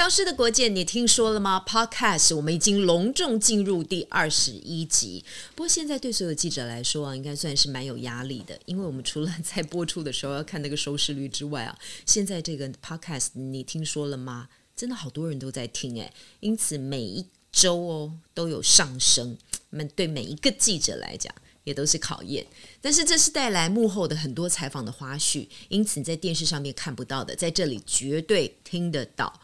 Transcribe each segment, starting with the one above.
消失的國界，你聽說了嗎？Podcast，我們已經隆重進入第二十一集。不過現在對所有記者來說啊，應該算是蠻有壓力的，因為我們除了在播出的時候要看那個收視率之外啊，現在這個 Podcast 你聽說了嗎？真的好多人都在聽誒。因此每一週哦都有上升。我們對每一個記者來講也都是考驗，但是這是帶來幕後的很多採訪的花絮，因此你在電視上面看不到的，在這裡絕對聽得到。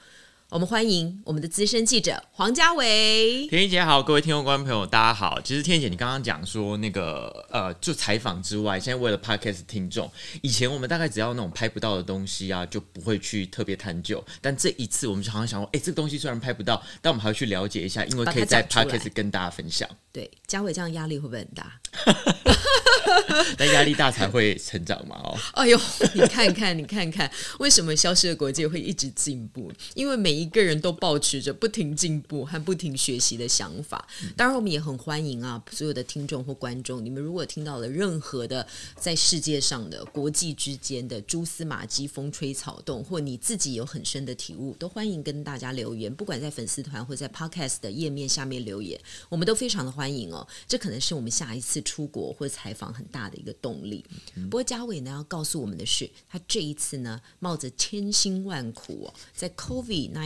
我們歡迎我們的資深記者黃家瑋。天怡姐好，各位聽眾觀眾朋友，大家好。其實天怡姐，你剛剛講說那個呃，就採訪之外，現在為了 Podcast 聽眾，以前我們大概只要那種拍不到的東西啊，就不會去特別探究。但這一次，我們就好像想說，哎，這個東西雖然拍不到，但我們還要去了解一下，因為可以在 Podcast 跟大家分享。對，家瑋這樣壓力會不會很大？ 但壓力大才會成長嘛！哦，哎呦，你看看，你看看， 為什麼消失的國界會一直進步？因為每一個人都抱持着不停進步和不停學習的想法。當然，我們也很歡迎啊，所有的聽眾或觀眾，你們如果聽到了任何的在世界上的國際之間的蛛絲馬跡、風吹草動，或你自己有很深的體悟，都歡迎跟大家留言。不管在粉絲團或在 Podcast 的頁面下面留言，我們都非常的歡迎哦。這可能是我們下一次出國或採訪很大的一個動力。不過，家瑋呢要告訴我們的是，他這一次呢冒着千辛萬苦、哦、在 COVID 那。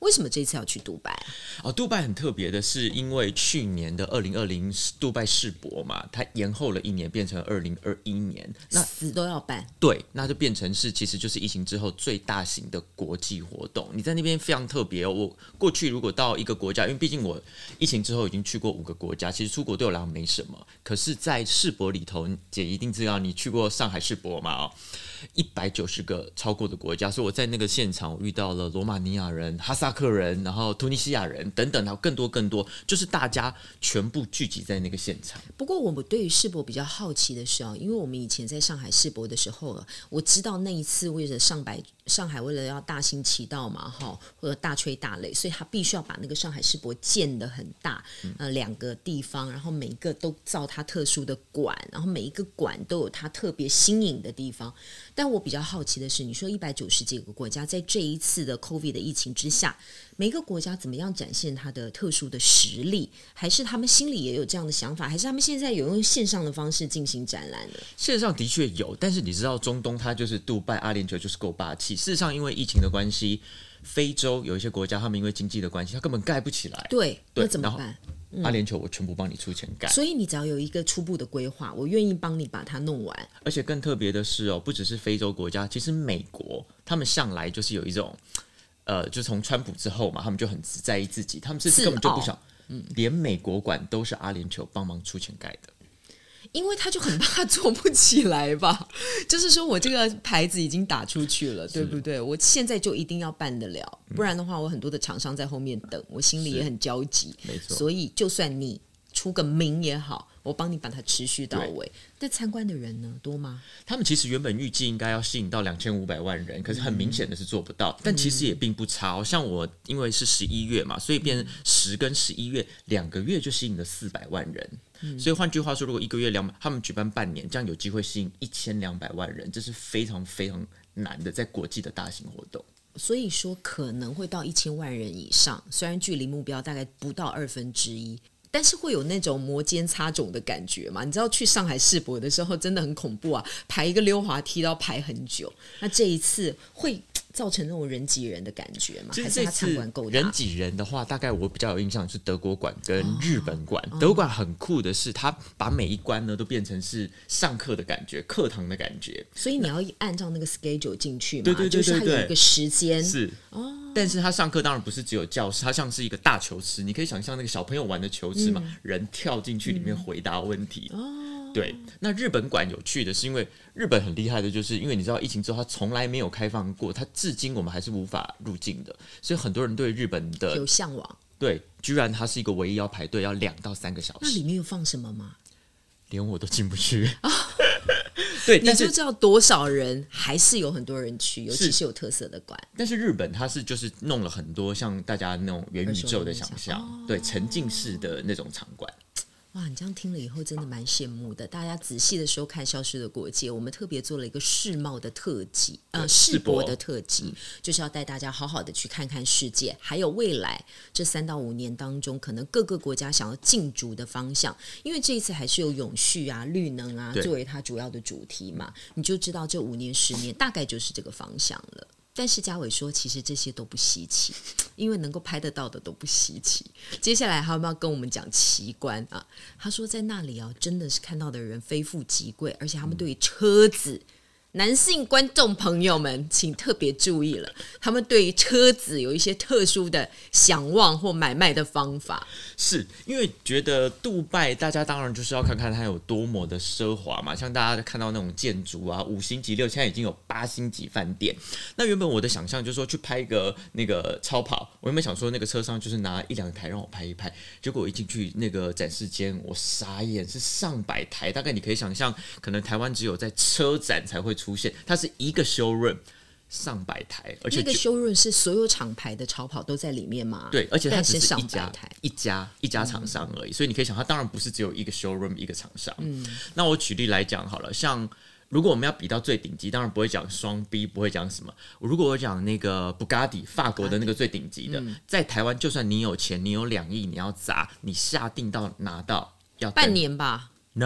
為什麼這次要去杜拜啊？哦，杜拜很特別的是，因為去年的二零二零杜拜世博嘛，它延後了一年，變成二零二一年，那死都要辦。對，那就變成是，其實就是疫情之後最大型的國際活動。你在那邊非常特別哦，我過去如果到一個國家，因為畢竟我疫情之後已經去過五個國家，其實出國對我來講沒什麼。可是，在世博裡頭，姐一定知道你去過上海世博嘛？哦，一百九十個超過的國家，所以我在那個現場我遇到了羅馬尼亞人哈薩。客人，然後突尼西亞人等等，還有更多更多，就是大家全部聚集在那個現場。不過，我們對於世博比較好奇的是啊，因為我們以前在上海世博的時候啊，我知道那一次為了上百。上海為了要大行其道嘛，哈，或者大吹大擂，所以他必須要把那個上海世博建得很大，呃，兩個地方，然後每一個都造它特殊的館，然後每一個館都有它特別新穎的地方。但我比較好奇的是，你說一百九十幾個國家在這一次的 COVID 的疫情之下，每一個國家怎麼樣展現它的特殊的實力？還是他們心裡也有這樣的想法？還是他們現在有用線上的方式進行展覽的？線上的確有，但是你知道中東，它就是杜拜、阿聯酋，就是夠霸氣。事實上，因為疫情的關係，非洲有一些國家，他們因為經濟的關係，他根本蓋不起來。對，對那怎麼辦？然後嗯、阿聯酋，我全部幫你出錢蓋。所以你只要有一個初步的規劃，我願意幫你把它弄完。而且更特別的是哦，不只是非洲國家，其實美國他們向來就是有一種，呃，就從川普之後嘛，他們就很在意自己，他們是根本就不想，嗯，哦、連美國館都是阿聯酋幫忙出錢蓋的。因為他就很怕做不起來吧，就是說我這個牌子已經打出去了，哦、對不對？我現在就一定要辦得了，不然的話，我很多的廠商在後面等，嗯、我心裡也很焦急。沒錯，所以就算你。出個名也好，我幫你把它持續到位。那參對觀的人呢，多嗎？他們其實原本預計應該要吸引到兩千五百萬人，可是很明顯的是做不到。嗯、但其實也並不差。嗯、像我因為是十一月嘛，所以變成十跟十一月兩、嗯、個月就吸引了四百萬人。嗯、所以換句話說，如果一個月兩百，他們舉辦半年，這樣有機會吸引一千兩百萬人，這是非常非常難的，在國際的大型活動。所以說可能會到一千萬人以上，雖然距離目標大概不到二分之一。但是會有那種摩肩擦踵的感覺嘛？你知道去上海世博的時候真的很恐怖啊，排一個溜滑梯都要排很久。那這一次會造成那種人擠人的感覺嗎？還是他參觀夠人擠人的話，大概我比較有印象的是德國館跟日本館。哦哦、德國館很酷的是，他把每一關呢都變成是上課的感覺、課堂的感覺。所以你要按照那個 schedule 進去嘛？就是他有一個時間是哦。但是他上課當然不是只有教室，他像是一個大球池，你可以想象那個小朋友玩的球池嘛，嗯、人跳進去裡面回答問題。嗯哦、對，那日本館有趣的是，因為日本很厲害的，就是因為你知道疫情之後，他從來沒有開放過，他至今我們還是無法入境的，所以很多人對日本的有向往。對，居然他是一個唯一要排隊要兩到三個小時。那裡面有放什麼嗎？連我都進不去、哦 對，你就知道多少人，是多少人還是有很多人去，尤其是有特色的館。但是日本它是就是弄了很多像大家那種元宇宙的想象，對、哦、沉浸式的那種場館。哇，你這樣聽了以後，真的蠻羨慕的。大家仔細的收看《消失的國界》，我們特別做了一個世貿的特輯，呃，世博的特輯，就是要帶大家好好的去看看世界，還有未來這三到五年當中，可能各個國家想要進駐的方向。因為這一次還是有永續啊、綠能啊作為它主要的主題嘛，對你就知道這五年、十年大概就是這個方向了。但是家瑋說，其實這些都不稀奇，因為能夠拍得到的都不稀奇。接下來他有沒有跟我們講奇觀啊？他說在那裡啊，真的是看到的人非富即貴，而且他們對於車子。男性觀眾朋友們，請特別注意了，他們對於車子有一些特殊的想望或買賣的方法。是因為覺得杜拜，大家當然就是要看看它有多麼的奢華嘛，像大家看到那種建築啊，五星級、六，現在已經有八星級飯店。那原本我的想象就是說，去拍一個那個超跑，我原本想說那個車商就是拿一兩台讓我拍一拍。結果我一進去那個展示間，我傻眼，是上百台，大概你可以想象，可能台灣只有在車展才會。出現，它是一個 showroom 上百台，而且這個 showroom 是所有廠牌的超跑都在裡面嗎？對，而且它只是一家是上百台，一家一家廠商而已，嗯、所以你可以想，它當然不是只有一個 showroom 一個廠商。嗯，那我舉例來講好了，像如果我們要比到最頂級，當然不會講雙 B，不會講什麼。如果我講那個布加迪，法國的那個最頂級的，嗯、在台灣就算你有錢，你有兩億，你要砸，你下定到拿到、嗯、要帶半年吧。不止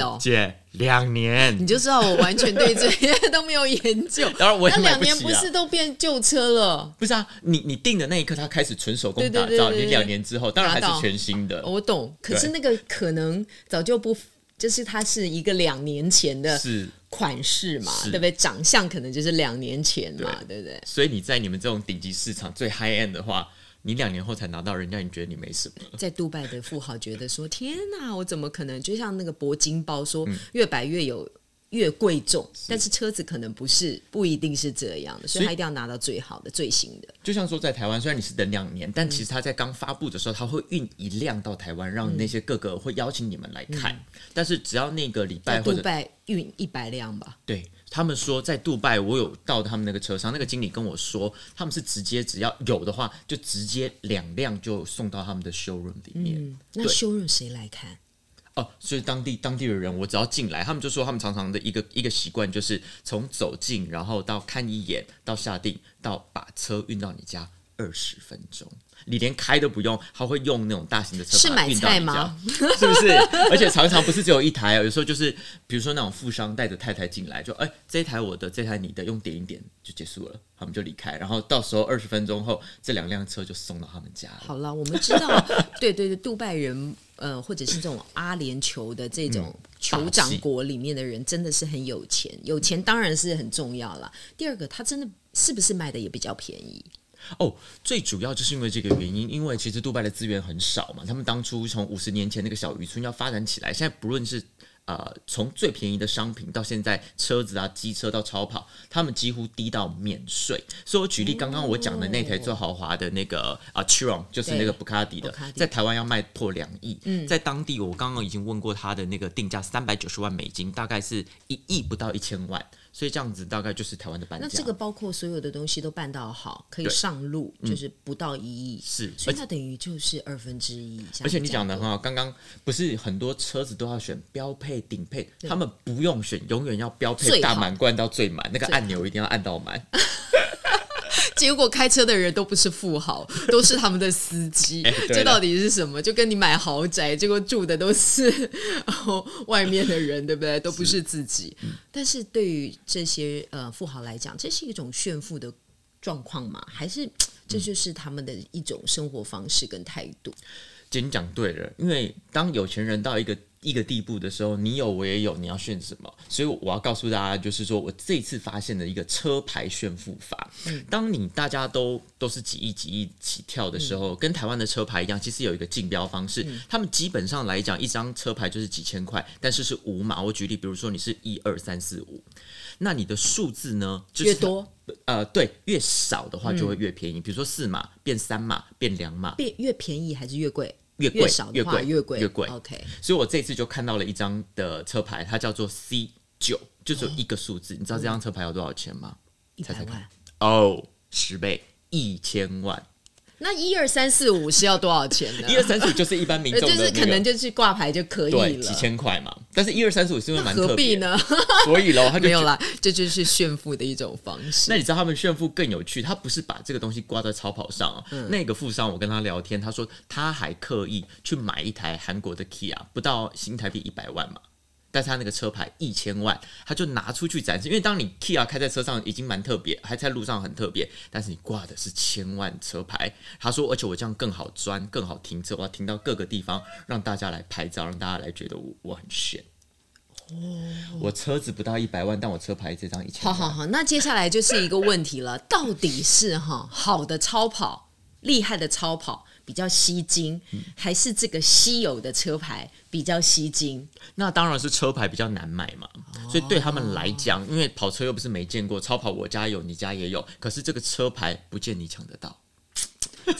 哦，姐，兩年，你就知道我完全對這些都沒有研究。當然，那兩年不是都變舊車了？不是啊，你你定的那一刻，它開始純手工打造，你兩年之後，當然還是全新的。我懂，可是那個可能早就不，就是它是一個兩年前的款式嘛，對不對？長相可能就是兩年前嘛，對不對？所以你在你們這種頂級市場最 high end 的話。你兩年後才拿到，人家你覺得你沒什麼。在杜拜的富豪覺得說：“天哪，我怎麼可能？就像那個鉑金包說，說、嗯、越擺越有，越貴重。是但是車子可能不是，不一定是這樣的，所以他一定要拿到最好的、以最新的。”就像說在台灣，雖然你是等兩年，但其實他在剛發布的時候，嗯、他會運一輛到台灣，讓那些各個，個會邀請你們來看。嗯、但是只要那個禮拜或者在杜拜運一百輛吧，對。他們說在杜拜，我有到他們那個車上，那個經理跟我說，他們是直接只要有的話，就直接兩輛就送到他們的 showroom 裡面。嗯，那 showroom 誰來看？哦，所以當地當地的人，我只要進來，他們就說他們常常的一個一個習慣就是從走進，然後到看一眼，到下定，到把車運到你家，二十分鐘。你連開都不用，他會用那種大型的車運到你家，是買菜嗎？ 是不是？而且常常不是只有一台，有時候就是比如說那種富商帶着太太進來，就哎、欸，這一台我的，這台你的，用點一點就結束了，他們就離開。然後到時候二十分鐘後，這兩輛車就送到他們家。好了，我們知道，對對對，杜拜人呃，或者是這種阿聯酋的這種酋長國裡面的人，真的是很有錢，有錢當然是很重要了。第二個，他真的是不是賣的也比較便宜？哦，最主要就是因為這個原因，因為其實杜拜的資源很少嘛。他們當初從五十年前那個小漁村要發展起來，現在不論是呃從最便宜的商品，到現在車子啊、機車到超跑，他們幾乎低到免稅。所以我舉例剛剛我講的那台最豪華的那個、哦、啊，Chiron 就是那個布卡迪的，在台灣要賣破兩億，嗯、在當地我剛剛已經問過他的那個定價三百九十萬美金，大概是一億不到一千萬。所以這樣子大概就是台灣的半價。那這個包括所有的東西都辦到好，可以上路，嗯、就是不到一億。是，所以它等於就是二分之一。而且,以 2, 而且你講的很好，剛剛不是很多車子都要選標配、頂配，對他們不用選，永遠要標配大滿貫到最滿，最那個按鈕一定要按到滿。好 結果開車的人都不是富豪，都是他們的司機。這、哎，到底是什麼？就跟你買豪宅，結果住的都是然後外面的人，對不對？都不是自己。是，嗯、但是對於這些呃，富豪來講，這是一種炫富的狀況嗎？還是這就是他們的一種生活方式跟態度？簡、嗯、講對了，因為當有錢人到一個。一個地步的時候，你有我也有，你要炫什麼？所以我要告訴大家，就是說我這次發現了一個車牌炫富法。嗯、當你大家都都是幾億幾億起跳的時候，嗯、跟台灣的車牌一樣，其實有一個競標方式。嗯、他們基本上來講，一張車牌就是幾千塊，但是是五碼。我舉例，比如說你是一二三四五，那你的數字呢，就是、越多，呃，對，越少的話就會越便宜。嗯、比如說四碼變三碼，變兩碼，變，變越便宜還是越貴？越貴越貴，越貴，越貴。OK，所以我這次就看到了一張的車牌，它叫做 C 九，就只有一個數字。哦、你知道這張車牌要多少錢嗎？一百萬，猜猜看哦，oh, 十倍，一千萬。1 那一二三四五是要多少錢呢？一二三四五就是一般民眾，就是可能就去掛牌就可以了，幾千塊嘛。但是一二三四五是不是蠻特別，呢 所以嘍，他就沒有啦，這就是炫富的一種方式。 那你知道他們炫富更有趣？他不是把這個東西掛在超跑上，喔嗯、那個富商我跟他聊天，他說他還刻意去買一台韓國的 Kia 啊，不到新台幣一百萬嘛。但是他那個車牌一千萬，他就拿出去展示。因為當你 Key 啊開在車上已經蠻特別，還在路上很特別。但是你掛的是千萬車牌，他說，而且我這樣更好鑽，更好停車，我要停到各個地方，讓大家來拍照，讓大家來覺得我我很炫。哦，我車子不到一百萬，但我車牌這張一千萬。好，好，好。那接下來就是一個問題了， 到底是哈好的超跑，厲害的超跑？比較吸睛，還是這個稀有的車牌比較吸睛？嗯。那當然是車牌比較難買嘛。哦、所以對他們來講，因為跑車又不是沒見過，超跑我家有，你家也有，可是這個車牌不見你搶得到。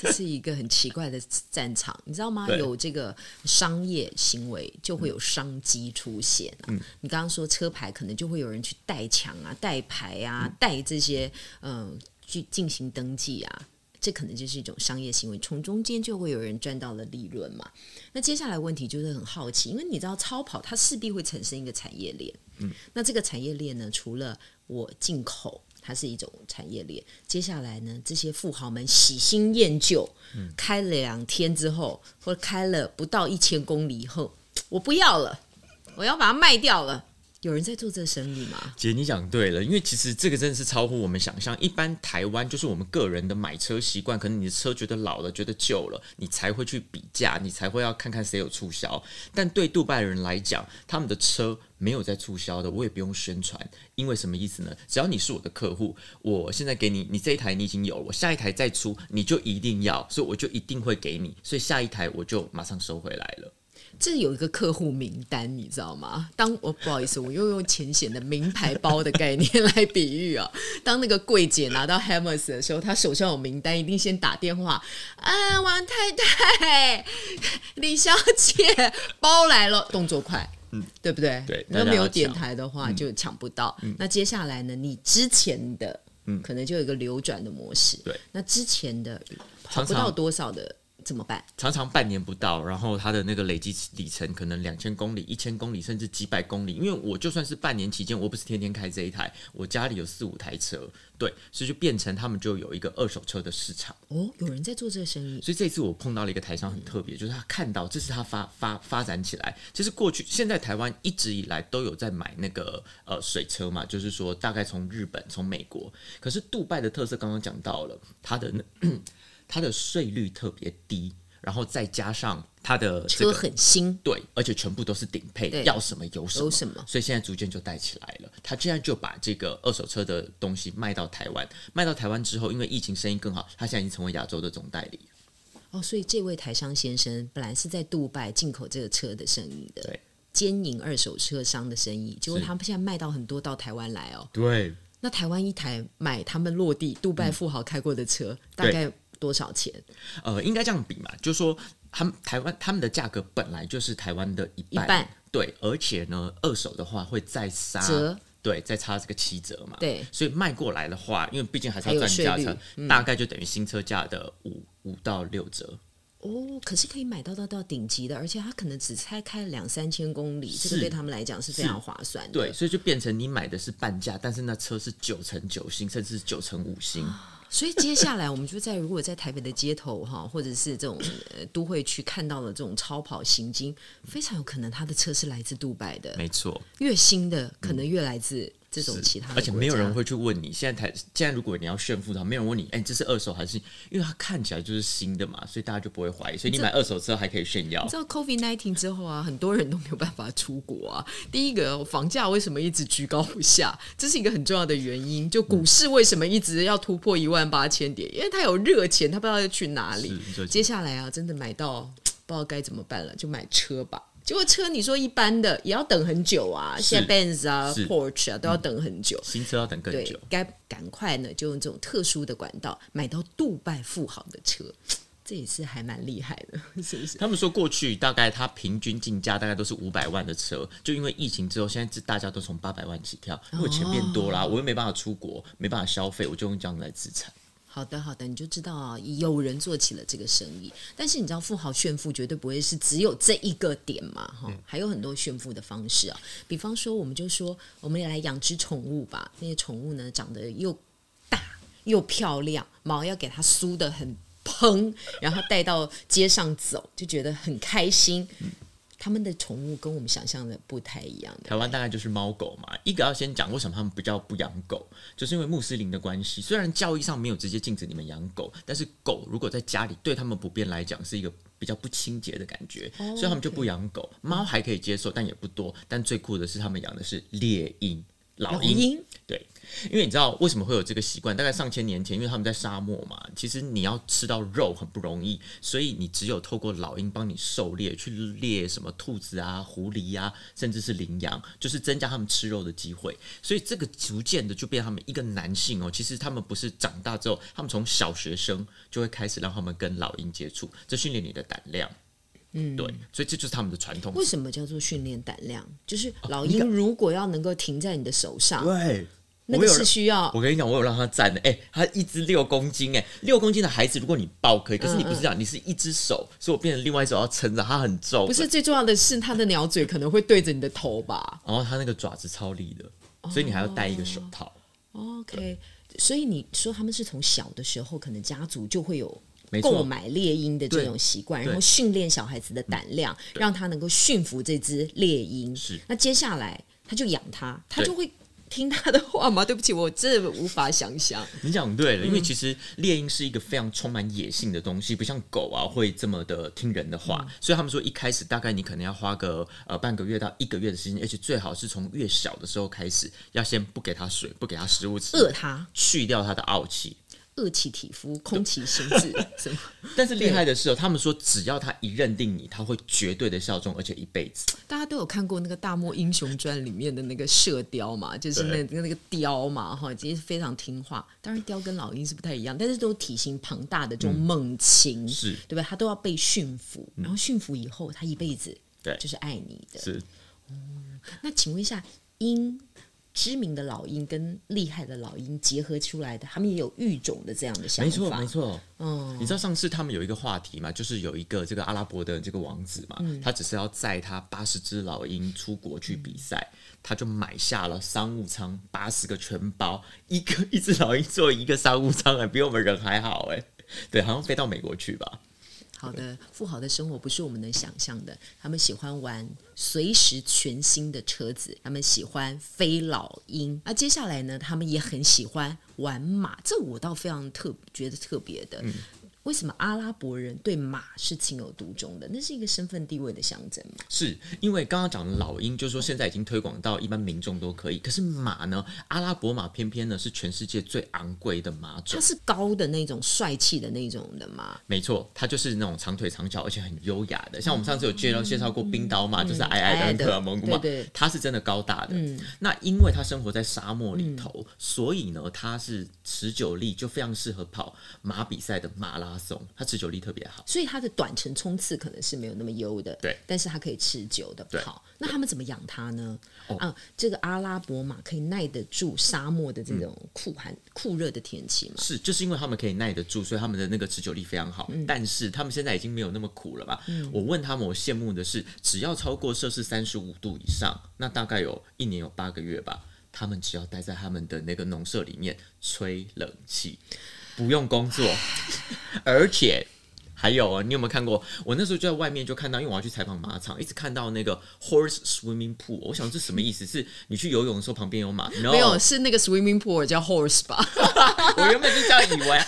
這是一個很奇怪的戰場， 你知道嗎？對有這個商業行為，就會有商機出現。啊。嗯，你剛剛說車牌，可能就會有人去代搶啊、代牌啊、代、嗯、這些嗯去進行登記啊。這可能就是一種商業行為，從中間就會有人賺到了利潤嘛。那接下來問題就是很好奇，因為你知道超跑它勢必會產生一個產業鏈，嗯，那這個產業鏈呢，除了我進口，它是一種產業鏈。接下來呢，這些富豪們喜新厭舊，嗯、開了兩天之後，或者開了不到一千公里以後，我不要了，我要把它賣掉了。有人在做這個生意嗎？姐，你講對了，因為其實這個真的是超乎我們想象。一般台灣就是我們個人的買車習慣，可能你的車覺得老了、覺得舊了，你才會去比價，你才會要看看誰有促銷。但對杜拜人來講，他們的車沒有在促銷的，我也不用宣傳，因為什麼意思呢？只要你是我的客戶，我現在給你，你這一台你已經有了，我下一台再出，你就一定要，所以我就一定會給你，所以下一台我就馬上收回來了。這有一個客戶名單，你知道嗎？當我、哦、不好意思，我又用淺顯的名牌包的概念來比喻啊、哦。當那個櫃姐拿到 Hermes 的時候，她手上有名單，一定先打電話啊，王太太、李小姐，包來了，動作快，嗯，對不對？對，那、嗯、沒有點台的話就搶不到。嗯、那接下來呢？你之前的嗯，可能就有一個流轉的模式。對，那之前的搶不到多少的。常常怎麼辦？常常半年不到，然後它的那個累計里程，可能兩千公里、一千公里，甚至幾百公里。因為我就算是半年期間，我不是天天開這一台，我家裡有四五台車，對，所以就變成他們就有一個二手車的市場。哦，對有人在做這個生意。所以這次我碰到了一個台商很特別，就是他看到這是他發發發展起來。其實過去現在台灣一直以來都有在買那個呃水車嘛，就是說大概從日本、從美國。可是杜拜的特色剛剛講到了，它的那。 他的稅率特別低，然後再加上他的、這個、車很新，對，而且全部都是頂配，對要什麼有什麼。有什麼，所以現在逐漸就帶起來了。他現在就把這個二手車的東西賣到台灣，賣到台灣之後，因為疫情生意更好，他現在已經成為亞洲的總代理。哦，所以這位台商先生本來是在杜拜進口這個車的生意的，對兼營二手車商的生意，結果他們現在賣到很多到台灣來哦。對是，那台灣一台買他們落地，杜拜富豪開過的車，嗯、大概。多少錢？呃，應該這樣比嘛，就是說他們台灣他們的價格本來就是台灣的一半，一半，對，而且呢，二手的話會再殺，折對，再差這個七折嘛，對，所以賣過來的話，因為畢竟還是要賺價錢，嗯、大概就等於新車價的五五到六折。哦，可是可以買到到到頂級的，而且它可能只差開兩三千公里，是這個對他們來講是非常划算的。對，所以就變成你買的是半價，但是那車是九成九新，甚至是九成五新。啊所以接下來我們就在，如果在台北的街頭哈，或者是這種都會去看到的這種超跑行經，非常有可能他的車是來自杜拜的，沒錯錯，越新的可能越來自。這種其他，而且沒有人會去問你。現在才，現在如果你要炫富的話，沒有人問你，哎、欸，這是二手還是？因為它看起來就是新的嘛，所以大家就不會懷疑。所以你買二手車還可以炫耀。你知道，道 COVID-19 之後啊，很多人都沒有辦法出國啊。第一個房價為什麼一直居高不下？這是一個很重要的原因。就股市為什麼一直要突破一萬八千點？因為它有熱錢，它不知道要去哪裡。接下來啊，真的買到不知道該怎麼辦了，就買車吧。結果車，你說一般的也要等很久啊，像是 Benz 啊、是 Porsche 啊都要等很久，嗯，新車要等更久。該趕快呢，就用這種特殊的管道買到杜拜富豪的車，這也是還蠻厲害的，是不是？他們說過去大概他平均進價大概都是五百萬的車，對就因為疫情之後，現在是大家都從八百萬起跳，因為錢變多啦、啊，哦、我又沒辦法出國，沒辦法消費，我就用這樣子來資產。好的，好的，你就知道啊，有人做起了這個生意。但是你知道，富豪炫富絕對不會是只有這一個點嘛，哈，還有很多炫富的方式啊。比方說，我們就說，我們也來養隻寵物吧。那些寵物呢，長得又大又漂亮，毛要給它梳得很蓬，然後帶到街上走，就覺得很開心。他們的寵物跟我們想象的不太一樣。台灣大概就是貓狗嘛，一個要先講為什麼他們比較不叫不養狗，就是因為穆斯林的關係。雖然教義上沒有直接禁止你們養狗，但是狗如果在家裡對他們普遍來講，是一個比較不清潔的感覺，哦、所以他們就不養狗。貓對還可以接受，但也不多。但最酷的是他們養的是獵鷹、老鷹，老鷹對。因為你知道為什麼會有這個習慣？大概上千年前，因為他們在沙漠嘛，其實你要吃到肉很不容易，所以你只有透過老鷹幫你狩獵，去獵什麼兔子啊、狐狸啊，甚至是羚羊，就是增加他們吃肉的機會。所以這個逐漸的就變成他們一個男性哦，其實他們不是長大之後，他們從小學生就會開始讓他們跟老鷹接觸，這訓練你的膽量。嗯，對，所以這就是他們的傳統。為什麼叫做訓練膽量？就是老鷹如果要能夠停在你的手上，哦、對。那我有需要，我跟你講，我有讓他站的。哎、欸，他一只六公斤、欸，誒，六公斤的孩子，如果你抱可以，嗯嗯可是你不是這樣，你是一只手，所以我變成另外一只手要撐着，他很重。不是最重要的是他的鳥嘴可能會對着你的頭吧？ 然後他那個爪子超利的，所以你還要戴一個手套。OK，所以你說他們是從小的時候，可能家族就會有購買獵鷹的這種習慣，然後訓練小孩子的膽量，對讓他能夠馴服這只獵鷹。是對，那接下來他就養他，他就會。聽他的話嗎？對不起，我真的無法想象。你講對了，因為其實獵鷹是一個非常充滿野性的東西，不像狗啊會這麼的聽人的話。嗯、所以他們說，一開始大概你可能要花個呃半個月到一個月的時間，而且最好是從越小的時候開始，要先不給他水，不給他食物吃，餓他，去掉他的傲氣。餓其體膚，空其心志，什麼 以？但是厲害的是、哦、對他們說只要他一認定你，他會絕對的效忠，而且一輩子。大家都有看過那個《大漠英雄傳》裡面的那個射鵰嘛，就是那那個鵰嘛，哈對，其實非常聽話。當然，鵰跟老鷹是不太一樣，但是都體型龐大的這種猛禽，嗯，是對吧？他都要被馴服，然後馴服以後，他一輩子對就是愛你的。嗯、是那請問一下鷹。知名的老鷹跟厲害的老鷹結合出來的，他們也有育種的這樣的想法，沒錯，沒錯。嗯、哦，你知道上次他們有一個話題嘛？就是有一個這個阿拉伯的這個王子嘛，嗯、他只是要載他八十隻老鷹出國去比賽，嗯、他就買下了商務艙，八十個全包，一個一隻老鷹坐一個商務艙，哎，比我們人還好誒。對，好像飛到美國去吧。好的，富豪的生活不是我們能想象的。他們喜歡玩隨時全新的車子，他們喜歡飛老鷹。那、啊、接下來呢？他們也很喜歡玩馬，這我倒非常特覺得特別的。嗯為什麼阿拉伯人對馬是情有獨鍾的？那是一個身份地位的象徵嗎？是，因為剛剛講的老鷹，就是說現在已經推廣到一般民眾都可以。可是馬呢？阿拉伯馬偏偏呢是全世界最昂貴的馬種。它是高的那種帥氣的那種的馬。沒錯，它就是那種長腿長腳，而且很優雅的。嗯、像我們上次有介紹介紹過冰島馬，嗯嗯、就是矮矮的、嗯嗯、蒙古馬，它、嗯、是真的高大的。嗯、那因為它生活在沙漠裡頭，嗯、所以呢，它是持久力就非常適合跑馬比賽的馬拉。它持久力特別好，所以它的短程衝刺可能是沒有那麼優的。對，但是它可以持久的對好。那他們怎麼養它呢？哦、啊，這個阿拉伯馬可以耐得住沙漠的這種酷寒、嗯、酷熱的天氣嗎？是，就是因為他們可以耐得住，所以他們的那個持久力非常好。嗯、但是他們現在已經沒有那麼苦了吧？嗯、我問他們，我羨慕的是，只要超過攝氏三十五度以上，那大概有一年有八個月吧，他們只要待在他們的那個農舍裡面吹冷氣。不用工作， 而且還有啊！你有沒有看過？我那時候就在外面就看到，因為我要去採訪馬場，一直看到那個 horse swimming pool。我想這什麼意思？是你去游泳的時候旁邊有馬？No. 沒有，是那個 swimming pool 叫 horse 吧。 我原本就這樣以為，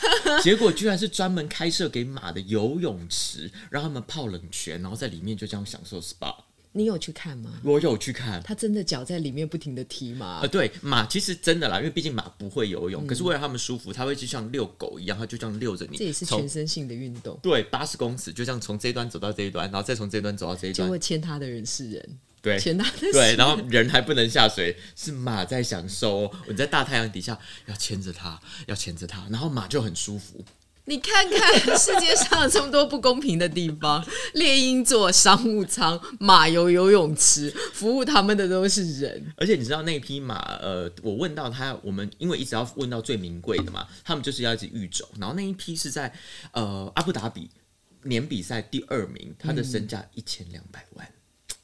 結果居然是專門開設給馬的游泳池，讓他們泡冷泉，然後在裡面就這樣享受 spa。你有去看嗎？我有去看，他真的腳在裡面不停的踢馬啊、呃！對馬其實真的啦，因為畢竟馬不會游泳，嗯、可是為了他們舒服，他會就像遛狗一樣，他就這樣遛着你。這也是全身性的運動。對，八十公尺，就像從這一端走到這一端，然後再從這一端走到這一端。結果牽他的人是人，對，牽他的人。對，然後人還不能下水，是馬在享受。你在大太陽底下要牽着他，要牽着他，然後馬就很舒服。你看看世界上有這麼多不公平的地方，獵鷹坐商務艙，馬游游泳池，服務他們的都是人。而且你知道那匹馬？呃，我問到他，我們因為一直要問到最名貴的嘛，他們就是要一直育種。然後那一批是在呃阿布達比年比賽第二名，他的身價一千兩百萬。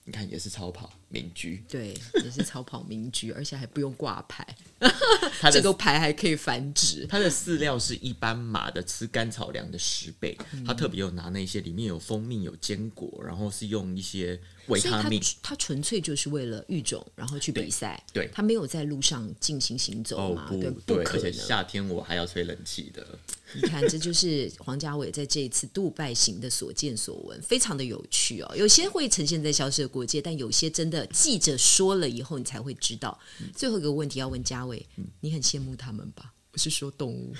你看也是超跑。名駒，對，也是超跑名駒， 而且還不用掛牌，的這個牌還可以繁殖。它的飼料是一般馬的吃乾草糧的十倍，它、嗯、特別有拿那些裡面有蜂蜜、有堅果，然後是用一些維他命。它純粹就是為了育種，然後去比賽。對，它沒有在路上進行行走嘛？Oh, 不對，不可能。而且夏天我還要吹冷氣的。 你看，這就是黃家瑋在這一次杜拜行的所見所聞，非常的有趣哦。有些會呈現在消失的國界，但有些真的。記者說了以後，你才會知道。最後一個問題要問嘉偉，你很羨慕他們吧？我是說動物，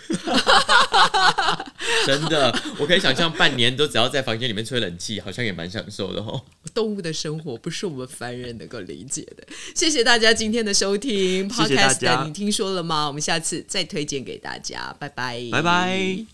真的，我可以想象半年都只要在房間裡面吹冷氣，好像也蠻享受的哦，動物的生活不是我們凡人能夠理解的。謝謝大家今天的收聽，謝謝大家，Podcast，你聽說了嗎？我們下次再推薦給大家，拜拜，拜拜。